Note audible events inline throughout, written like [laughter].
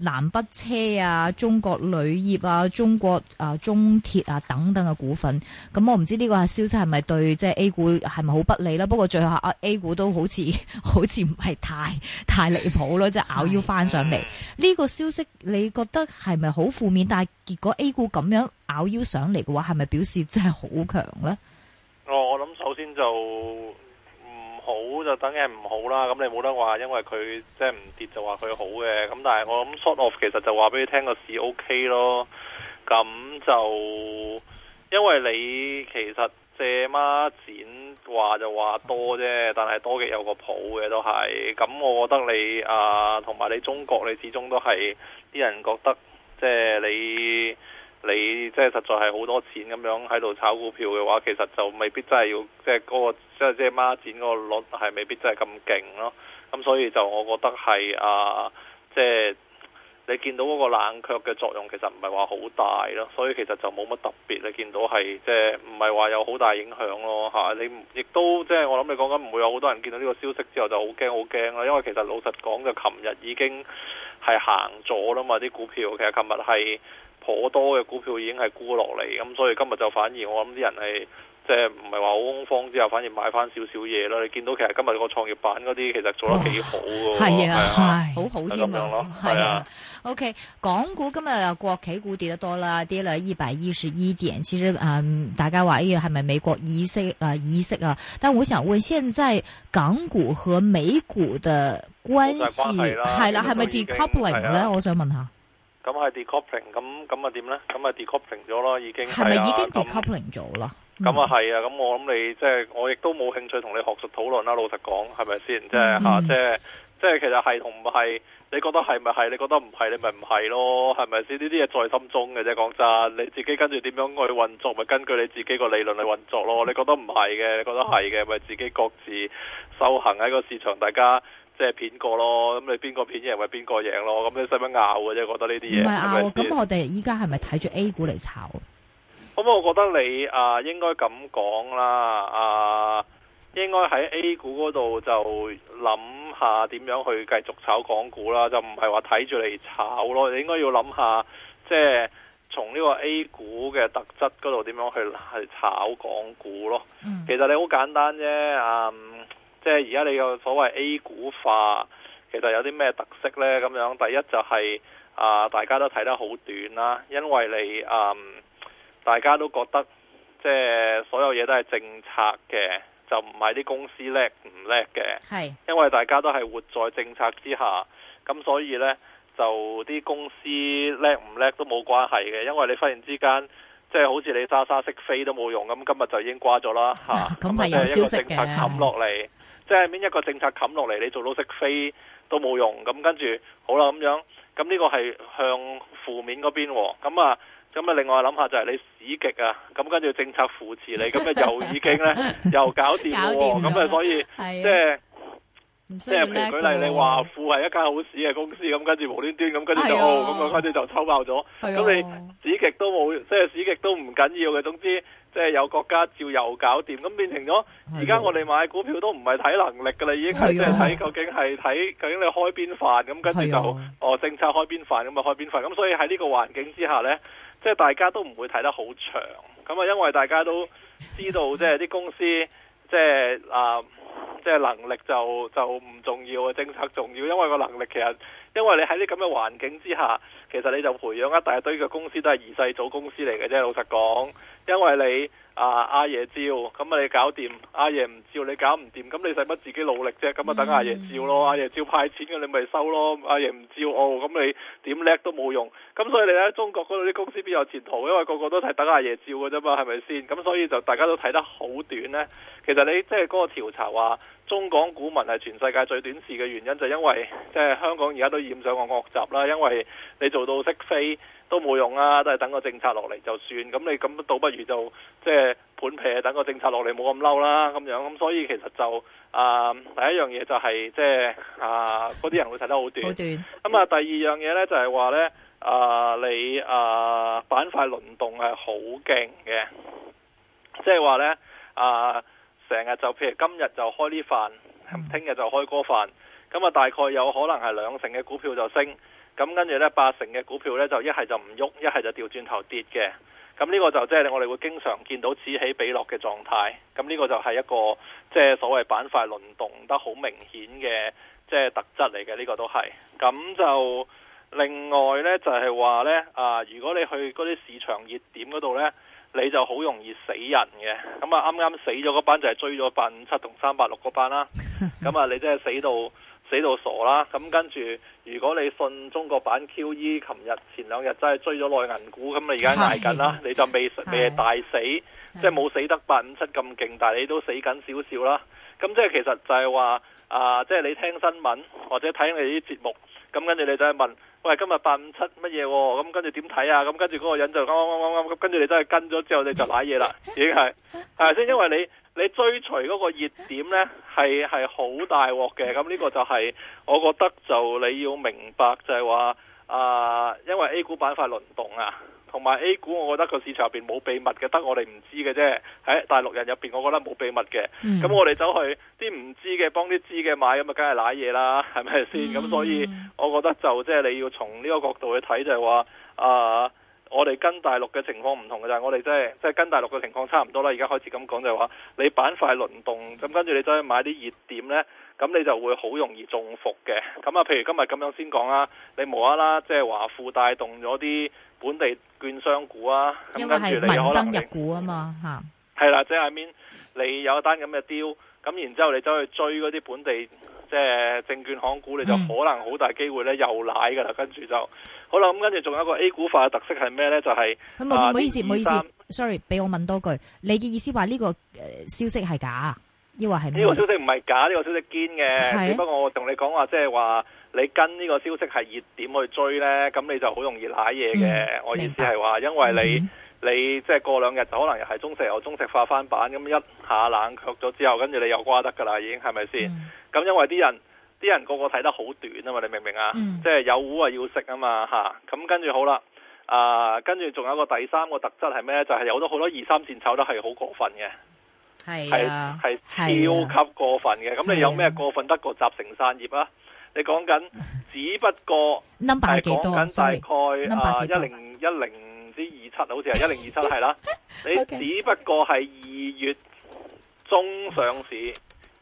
南北車啊，中國鋁業啊，中國啊，中鐵啊，等等嘅股份，咁我唔知呢個消息係咪對即係 A 股係咪好不利啦？不過最後 A 股都好似好似唔係太太離譜咯，即係拗腰翻上嚟。呢 [laughs] 個消息你覺得係咪好負面？但係結果 A 股咁樣拗腰上嚟嘅話，係咪表示真係好強呢？哦，我諗首先就。好就等於係唔好啦，咁你冇得話，因為佢即係唔跌就話佢好嘅，咁但係我諗 short off 其實就話俾你聽個市 OK 咯，咁就因為你其實借孖展話就話多啫，但係多極有個譜嘅都係，咁我覺得你啊同埋你中國你始終都係啲人覺得即係你。你即係實在係好多錢咁樣喺度炒股票嘅話，其實就未必真係要即係、那、嗰個即係即係孖展嗰個率係未必真係咁勁咯。咁所以就我覺得係啊，即係你見到嗰個冷卻嘅作用其實唔係話好大咯。所以其實就冇乜特別你見到係即係唔係話有好大影響咯嚇、啊。你亦都即係我諗你講緊唔會有好多人見到呢個消息之後就好驚好驚啦。因為其實老實講就琴日已經係行咗啦嘛啲股票，其實琴日係。好多嘅股票已經係沽落嚟，咁所以今日就反而我諗啲人係即係唔係話好恐慌之後，反而買翻少少嘢啦。你見到其實今日個創業板嗰啲其實做得幾好喎，係啊，係好好添啊，係啊。OK，港股今日又國企股跌得多啦，跌咗一百一十一點。其實啊，大家話呢樣係咪美國意識啊意識啊？但我想問，現在港股和美股嘅關係係啦係咪 decoupling 咧？我想問下。咁係 decoupling，咁咁啊點呢？咁咪 decoupling 咗咯，已經係啊。咁啊係啊，咁、就是、我諗你即係我亦都冇興趣同你學術討論啦。老實講，係咪先？即係即係即係其實係同唔係？你覺得係咪係？你覺得唔係，你咪唔係咯？係咪先？呢啲嘢在心中嘅啫，講真，你自己跟住點樣去運作？咪、就是、根據你自己個理論去運作咯。你覺得唔係嘅，你覺得係嘅，咪、嗯、自己各自修行喺個市場，大家。即係片過咯，咁你邊個片贏咪邊個贏咯，咁你使乜拗嘅啫？覺得呢啲嘢。咁、啊、我哋依家係咪睇住 A 股嚟炒？好、嗯、我覺得你啊、呃，應該咁講啦，啊、呃，應該喺 A 股嗰度就諗下點樣去繼續炒港股啦，就唔係話睇住嚟炒咯。你應該要諗下，即係從呢個 A 股嘅特質嗰度點樣去去炒港股咯。嗯，其實你好簡單啫，啊、嗯。即係而家你個所謂 A 股化，其實有啲咩特色呢？咁樣第一就係、是、啊、呃，大家都睇得好短啦，因為你嗯，大家都覺得即係、呃、所有嘢都係政策嘅，就唔係啲公司叻唔叻嘅。係是，因為大家都係活在政策之下，咁所以呢，就啲公司叻唔叻都冇關係嘅，因為你忽然之間即係好似你沙沙識飛都冇用，咁今日就已經瓜咗啦吓。咁係、啊啊、一個政策冚落嚟。嗯即係邊一個政策冚落嚟，你做到識飛都冇用，咁跟住好啦咁樣，咁呢個係向負面嗰邊喎，咁啊，咁啊另外諗下就係你市極啊，咁跟住政策扶持你，咁啊又已經咧 [laughs] 又搞掂喎。咁啊所以啊即係即係譬如舉例、啊、你話富係一間好市嘅公司，咁跟住無端端咁跟住就咁啊跟住就，就抽爆咗，咁、啊、你市極都冇，即係市極都唔緊要嘅，總之。即係有國家照又搞掂，咁變成咗而家我哋買股票都唔係睇能力㗎啦，的已經係睇究竟係睇究竟你開邊飯咁，跟住就的哦政策開邊飯咁啊，開邊飯咁，所以喺呢個環境之下呢，即係大家都唔會睇得好長咁啊，因為大家都知道 [laughs] 即係啲公司、呃、即係啊即係能力就就唔重要啊，政策重要，因為個能力其實。因為你喺啲咁嘅環境之下，其實你就培養一大堆嘅公司都係二世祖公司嚟嘅啫。老實講，因為你啊阿爺照，咁咪你搞掂；阿爺唔照，你搞唔掂。咁你使乜自己努力啫？咁啊等阿爺照咯，阿爺照派錢嘅你咪收咯。阿爺唔照哦，咁你點叻都冇用。咁所以你喺中國嗰度啲公司邊有前途？因為個個都係等阿爺照嘅啫嘛，係咪先？咁所以就大家都睇得好短呢。其實你即係嗰個調查話。中港股民係全世界最短視嘅原因，就係、因為即係、就係、香港而家都染上個惡習啦。因為你做到識飛都冇用啦，都係等個政策落嚟就算。咁你咁倒不如就即係、就係、盤皮，等個政策落嚟冇咁嬲啦。咁樣咁，所以其實就啊，第一樣嘢就係即係啊，嗰啲人會睇得好短。咁啊短、嗯，第二樣嘢咧就係話咧啊，你啊板塊輪動係好勁嘅，即係話咧啊。成日就譬如今日就開呢飯，聽日就開嗰飯，咁啊大概有可能係兩成嘅股票就升，咁跟住呢，八成嘅股票呢，就一係就唔喐，一係就掉轉頭跌嘅。咁呢個就即係我哋會經常見到此起彼落嘅狀態。咁呢個就係一個即係、即係、所謂板塊輪動得好明顯嘅即係特質嚟嘅。呢、呢個都係。咁就另外呢，就係、係、話呢，啊，如果你去嗰啲市場熱點嗰度呢。你就好容易死人嘅，咁啊啱啱死咗嗰班就係追咗八五七同三八六嗰班啦，咁啊 [laughs] 你真係死到死到傻啦，咁跟住如果你信中國版 QE，琴日前兩日真係追咗內銀股，咁你而家捱緊啦， [laughs] 你就未未大死，即係冇死得八五七咁勁，但係你都死緊少少啦，咁即係其實就係話啊，即、呃、係、就是、你聽新聞或者睇你啲節目。咁跟住你就係問，喂，今日八五七乜嘢？咁、嗯、跟住點睇啊？咁、嗯、跟住嗰個人就啱啱啱啱，咁跟住你真係跟咗之後你就瀨嘢啦，已經係係即係，因為你你追隨嗰個熱點咧，係係好大鑊嘅。咁、嗯、呢、呢個就係、是、我覺得就你要明白就係話啊，因為 A 股板塊輪動啊。同埋 A 股，我覺得個市場入面冇秘密嘅，得我哋唔知嘅啫。喺大陸人入面我覺得冇秘密嘅。咁、嗯、我哋走去啲唔知嘅，幫啲知嘅買，咁啊，梗係瀨嘢啦，係咪先？咁所以，我覺得就即係你要從呢個角度去睇，就係話啊，我哋跟大陸嘅情況唔同嘅、就是，就係我哋即係即係跟大陸嘅情況差唔多啦。而家開始咁講就係、是、話，你板塊輪動，咁跟住你走去買啲熱點呢，咁你就會好容易中伏嘅。咁啊，譬如今日咁樣先講啦，你無啦啦，即係華富帶動咗啲，本地券商股啊，應該係民生入，、啊、入股啊嘛嚇，係、啊、啦，即係下面你有一單咁嘅 deal 咁然之後你走去追嗰啲本地即係、就是、證券行股，你就可能好大機會咧又奶噶啦、嗯，跟住就好啦。咁跟住仲有一個 A 股化嘅特色係咩咧？就係、是、唔、嗯啊、好意思，唔年 23, 好意思，sorry，俾我問多句，你嘅意思話呢個消息係假，抑或咩？呢個消息唔係假，呢、這個消息堅嘅，啊、不過我同你講話即係話。你跟呢個消息係熱點去追呢，咁你就好容易瀨嘢嘅。嗯、我意思係話，白因為你、嗯、你即係過兩日就可能又係中石油、中石化翻版，咁一下冷卻咗之後，跟住你又瓜得噶啦，已經係咪先？咁、嗯、因為啲人啲人個個睇得好短啊嘛，你明唔明、嗯、啊？即係有糊啊要食啊嘛嚇，咁跟住好啦，啊跟住仲有一個第三個特質係咩，就係、是、有好多好多二三線炒得係好過分嘅，係啊，係超級過分嘅。咁、啊、你有咩過分得過集成散業啊？你講緊，只不過係講緊大概啊一零一零至二七，好似係一零二七，係 [laughs] 啦。你只不過係二月中上市，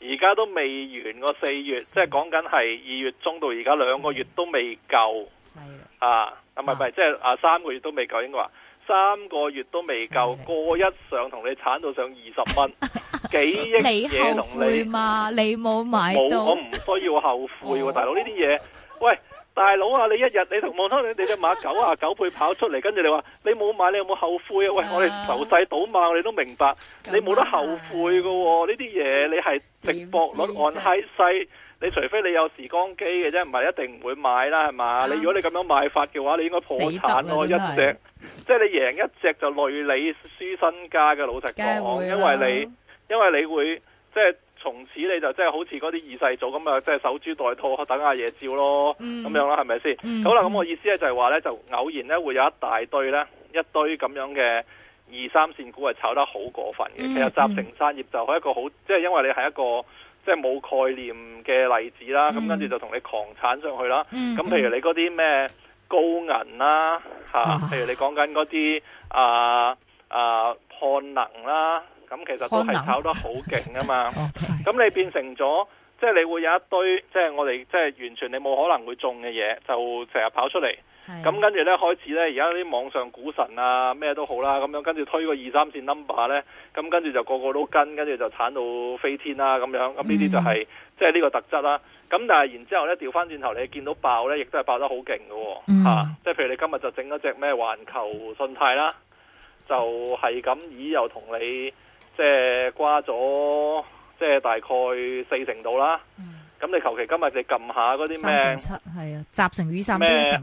而家都未完個四月， [laughs] 即係講緊係二月中到而家兩個月都未夠。係 [laughs] 啊，啊唔係唔係即係啊三個月都未夠應該話，三個月都未夠，過 [laughs] 一上同你鏟到上二十蚊。 [laughs] 幾億嘢同你，你嘛？你你冇買冇，我唔需要後悔，大佬呢啲嘢。喂，大佬啊，你一日你同望通你隻馬九啊九倍跑出嚟，跟住你話你冇買，你有冇後悔啊？喂，我哋投晒賭馬，我哋都明白，這樣 你冇得後悔噶。呢啲嘢你係值博率按閪細，side, 你除非你有時光機嘅啫，唔係一定唔會買啦，係嘛？嗯、你如果你咁樣買法嘅話，你應該破產咯，一隻。即、就、係、是、你贏一隻就累你輸身家嘅老實講，因為你。因為你會即係從此你就即係好似嗰啲二世祖咁啊，即係守株待兔等下夜照咯，咁、嗯、樣啦，係咪先？嗯、好啦，咁我意思咧就係話咧，就偶然咧會有一大堆咧，一堆咁樣嘅二三線股係炒得好過分嘅。嗯、其實集成產業就係一個好，即係因為你係一個即係冇概念嘅例子啦。咁、嗯、跟住就同你狂鏟上去啦。咁、嗯、譬如你嗰啲咩高銀啦，吓、嗯啊，譬如你講緊嗰啲啊啊漢能啦。咁其實都係炒得好勁啊嘛！咁可能 [laughs] Okay 你變成咗，即、就、係、是、你會有一堆，即、就、係、是、我哋即係完全你冇可能會中嘅嘢，就成日跑出嚟。咁是跟住呢，開始呢，而家啲網上股神啊，咩都好啦，咁樣跟住推個二三線 number 呢，咁跟住就個個都跟，跟住就炒到飛天啦、啊、咁樣。咁呢啲就係即係呢個特質啦、啊。咁但係然之後呢，調翻轉頭，你見到爆呢，亦都係爆得好勁嘅喎。即係譬如你今日就整咗隻咩環球信貸啦、啊，就係咁，咦又同你？即係瓜咗，即係、就是、大概四成度啦。咁、嗯、你求其今日就撳下嗰啲咩？三成七係啊，集成雨傘啲咩？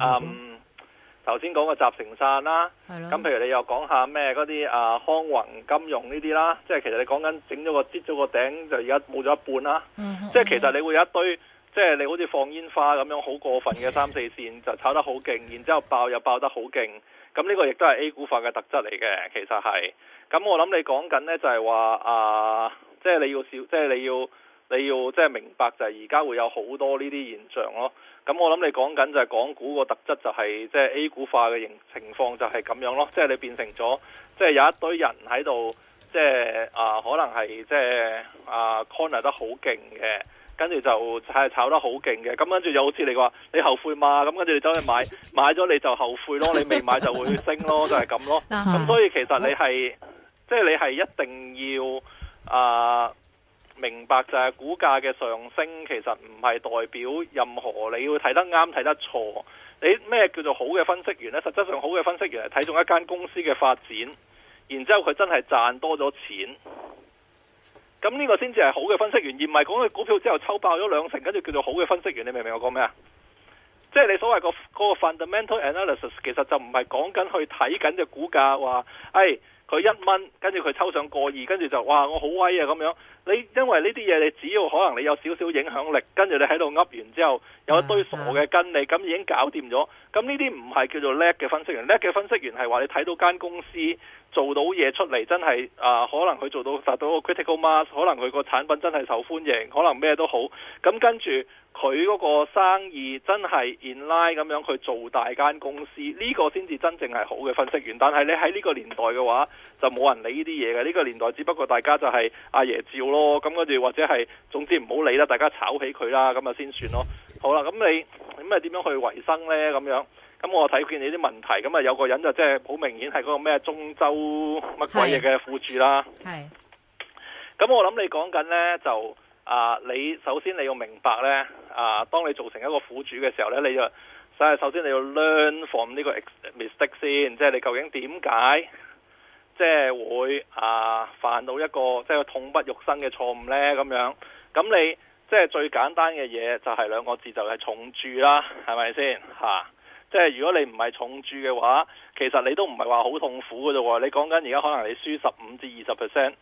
頭先講個集成傘啦。咁的譬如你又講下咩？嗰啲啊康宏金融呢啲啦。即係其實你講緊整咗個跌咗個頂，就而家冇咗一半啦。即係、嗯、哼其實你會有一堆，即、就、係、是、你好似放煙花咁樣好過分嘅三四線，就炒得好勁， [laughs] 然之後爆又爆得好勁。咁呢個亦都係 A 股化嘅特質嚟嘅，其實係。咁我諗你講緊呢，就係話啊，即係你要少，即係你要你要即係明白就係而家會有好多呢啲現象咯。咁我諗你講緊就係港股個特質就係即係 A 股化嘅形情況就係咁樣咯，即係你變成咗即係有一堆人喺度，即係啊可能係即係啊 corner 得好勁嘅。呃跟住就係炒得好勁嘅，咁跟住又好似你話，你後悔嘛？咁跟住你走去買， [laughs] 買咗你就後悔咯，你未買就會升咯， [laughs] 就係咁咯。咁 [laughs] 所以其實你係，即係你係一定要啊，明白就係股價嘅上升其實唔係代表任何，你要睇得啱睇得錯。你咩叫做好嘅分析員呢？實質上好嘅分析員係睇中一間公司嘅發展，然之後佢真係賺多咗錢。咁呢個先至係好嘅分析員，而唔係講佢股票之後抽爆咗兩成，跟住叫做好嘅分析員。你明唔明我講咩啊？即係你所謂個嗰個 fundamental analysis，其實就唔係講緊去睇緊隻股價，話誒佢一蚊，跟住佢抽上個二，跟住就哇我好威啊咁樣。你因為呢啲嘢，你只要可能你有少少影響力，跟住你喺度噏完之後，有一堆傻嘅跟你，咁、嗯嗯、已經搞掂咗。咁呢啲唔係叫做叻嘅分析員，叻嘅分析員係話你睇到間公司。做到嘢出嚟真係啊、呃，可能佢做到達到個 critical mass，可能佢個產品真係受歡迎，可能咩都好。咁跟住佢嗰個生意真係 in line 咁樣去做大間公司，呢個先至真正係好嘅分析員。但係你喺呢個年代嘅話，就冇人理呢啲嘢嘅。呢個年代只不過大家就係阿爺照咯，咁跟住或者係總之唔好理啦，大家炒起佢啦，咁啊先算咯。好啦，咁你咁咪點樣去維生呢？咁樣？咁我睇見你啲問題，咁啊有個人就即係好明顯係嗰個咩中州乜鬼嘢嘅苦主啦。係，咁我諗你講緊呢，就啊，你首先你要明白呢，啊，當你做成一個苦主嘅時候呢，你就首先你要 learn from 呢個 mistake 先，即係你究竟點解即係會啊犯到一個即係痛不欲生嘅錯誤呢？咁樣咁你即係最簡單嘅嘢就係兩個字，就係、是、重注啦，係咪先吓？即係如果你唔係重注嘅話，其實你都唔係話好痛苦㗎啫喎。你講緊而家可能你輸十五至二十 percent。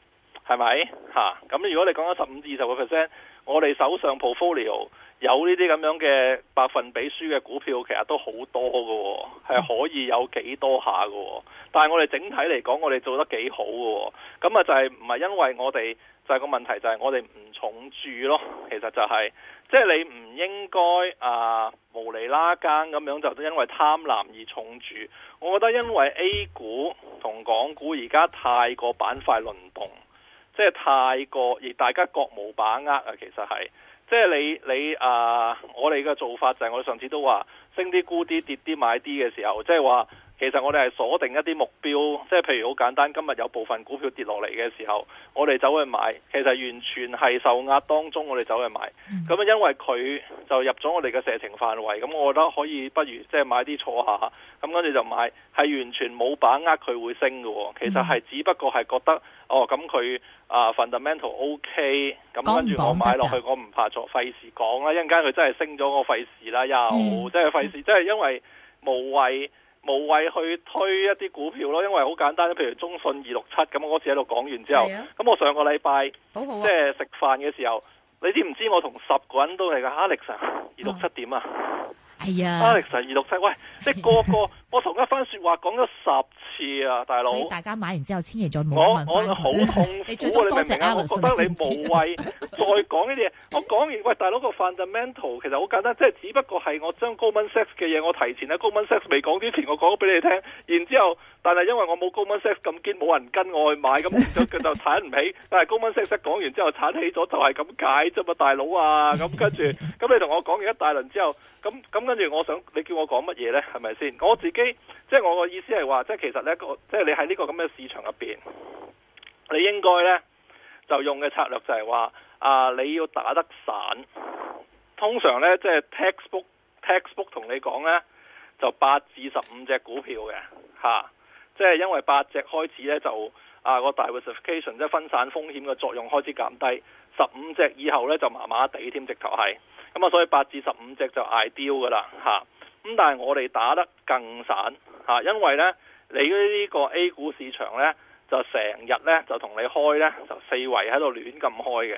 係咪吓？咁、啊、如果你講咗十五至二十個 percent，我哋手上 portfolio 有呢啲咁樣嘅百分比輸嘅股票，其實都好多嘅、哦，係可以有幾多下嘅、哦。但係我哋整體嚟講，我哋做得幾好嘅、哦。咁啊，就係唔係因為我哋就係、是、個問題，就係我哋唔重注咯。其實就係即係你唔應該啊無厘啦更咁樣就因為貪婪而重注。我覺得因為 A 股同港股而家太過板塊輪動。即係太過，而大家覺冇把握啊！其實係，即係你你啊，我哋嘅做法就係我上次都話，升啲沽啲跌啲買啲嘅時候，即係話其實我哋係鎖定一啲目標，即係譬如好簡單，今日有部分股票跌落嚟嘅時候，我哋走去買，其實完全係受壓當中，我哋走去買。咁啊，因為佢就入咗我哋嘅射程範圍，咁我覺得可以不如即係買啲坐下，咁跟住就買，係完全冇把握佢會升嘅啊。其實係只不過係覺得。哦，咁佢啊 fundamental O、okay, K，、嗯、咁跟住我買落去，我唔怕做費事講啦，一陣間佢真係升咗，我費事啦，又即係費事，即係、嗯嗯、因為無謂無謂去推一啲股票咯，因為好簡單，譬如中信二六七咁，我嗰次喺度講完之後，咁、啊、我上個禮拜、啊、即係食飯嘅時候，你知唔知我同十個人都係個 Alex 二六七點啊？係啊、哎、呀，Alex 二六七喂，即係個個。 [laughs] 我同一番話說話講咗十次啊，大佬！所以大家買完之後千，千祈再冇問返佢。我我好痛苦、啊，你，最多多你明唔明啊？啊我倫，覺得你無謂 [laughs] 再講啲嘢。我講完喂，大佬個 fundamental 其實好簡單，即係只不過係我將 Goldman Sachs 嘅嘢，我提前喺 Goldman Sachs 未講之前，我講咗俾你聽。然之後，但係因為我冇 Goldman Sachs 咁堅，冇人跟我去買，咁就佢就鏟唔起。 [laughs] 但係 Goldman Sachs 講完之後，鏟起咗就係咁解啫嘛，大佬啊！咁跟住咁你同我講完一大輪之後，咁咁跟住我想你叫我講乜嘢呢？係咪先？我自己。即係我個意思係話，即係其實呢個，即係你喺呢個咁嘅市場入邊，你應該呢，就用嘅策略就係話，啊你要打得散。通常呢，即係 textbook textbook 同你講呢，就八至十五隻股票嘅吓、啊。即係因為八隻開始呢，就啊個 diversification 即係分散風險嘅作用開始減低，十五隻以後呢，就麻麻地添，直頭係咁啊。所以八至十五隻就 ideal 噶啦吓。啊咁但係我哋打得更散，吓，因為咧你呢個 A 股市場咧就成日咧就同你開咧就四圍喺度亂咁開嘅。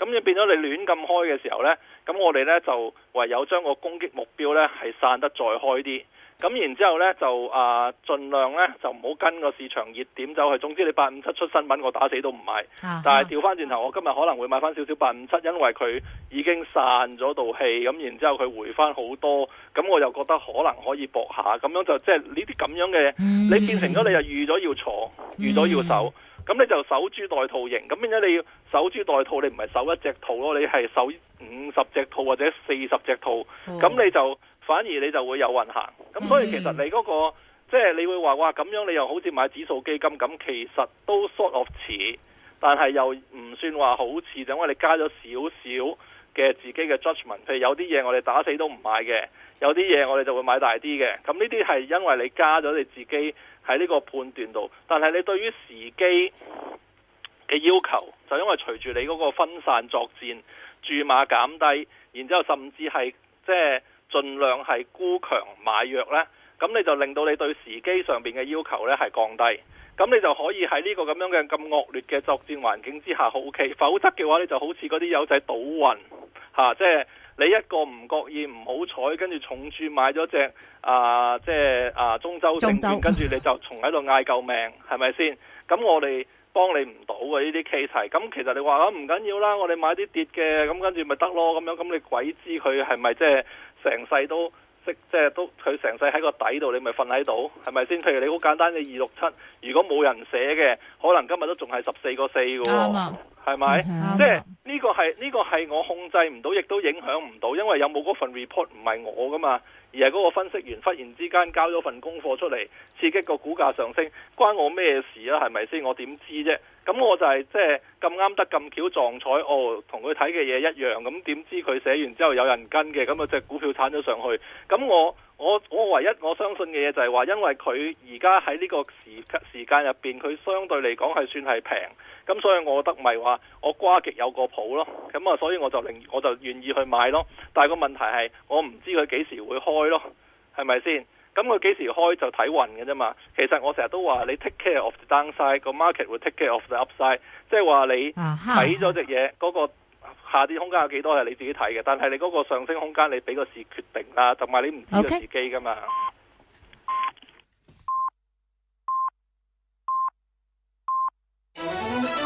咁你變咗你亂咁開嘅時候呢，咁我哋呢就唯有將個攻擊目標呢係散得再開啲，咁然之後呢，就啊，儘、呃、量呢就唔好跟個市場熱點走去。總之你八五七出新聞，我打死都唔買。啊、但係調翻轉頭，我今日可能會買翻少少八五七，因為佢已經散咗道氣，咁然之後佢回翻好多，咁我又覺得可能可以搏下。咁、就是、樣就即係呢啲咁樣嘅你變成咗你又預咗要坐，嗯、預咗要受。嗯。咁你就守株待兔型，咁變咗你要守株待兔？你唔係守一隻兔咯，你係守五十隻兔或者四十隻兔，咁你就反而你就會有運行。咁所以其實你嗰、那個即係、就是、你會話哇，咁樣你又好似買指數基金咁，其實都 sort of 似，但係又唔算話好似，就因為你加咗少少。嘅自己嘅 judgment，譬如有啲嘢我哋打死都唔買嘅，有啲嘢我哋就會買大啲嘅，咁呢啲係因為你加咗你自己喺呢個判斷度，但係你對於時機嘅要求，就因為隨住你嗰個分散作戰注碼減低，然之後甚至係即係盡量係沽強買弱咧。咁你就令到你對時機上面嘅要求呢係降低，咁你就可以喺呢個咁樣嘅咁惡劣嘅作戰環境之下，OK 否則嘅話，你就好似嗰啲友仔倒運、啊、即係你一個唔覺意唔好彩，跟住重注買咗隻啊，即係啊中州證券，跟住中州 [laughs] 你就重喺度嗌救命，係咪先？咁我哋幫你唔到嘅呢啲 case 係，咁其實你話咁唔緊要啦，我哋買啲跌嘅，咁跟住咪得咯咁樣，咁你鬼知佢係咪即係成世都？即即係都佢成世喺個底度，你咪瞓喺度，係咪先？譬如你好簡單嘅二六七，7，如果冇人寫嘅，可能今日都仲係十四個四噶喎，係咪？即係呢個係呢個係我控制唔到，亦都影響唔到，因為有冇嗰份 report 唔係我噶嘛，而係嗰個分析員忽然之間交咗份功課出嚟，刺激個股價上升，關我咩事啊？係咪先？我點知啫？咁我就係即係咁啱得咁巧撞彩，哦，同佢睇嘅嘢一樣，咁點知佢寫完之後有人跟嘅，咁啊隻股票產咗上去。咁我我我唯一我相信嘅嘢就係話，因為佢而家喺呢個時時間入面，佢相對嚟講係算係平，咁所以我覺得咪話我瓜極有個譜咯，咁啊，所以我就令我就願意去買咯。但係個問題係，我唔知佢幾時會開咯，係咪先？咁佢幾時開就睇運嘅啫嘛。其實我成日都話你 take care of the downside 個 market 會 take care of the upside 即係話你睇咗隻嘢，嗰、huh, 個下跌空間有幾多係你自己睇嘅，但係你嗰個上升空間你俾個市決定啦，同、就、埋、是、你唔知道自己㗎嘛。Okay.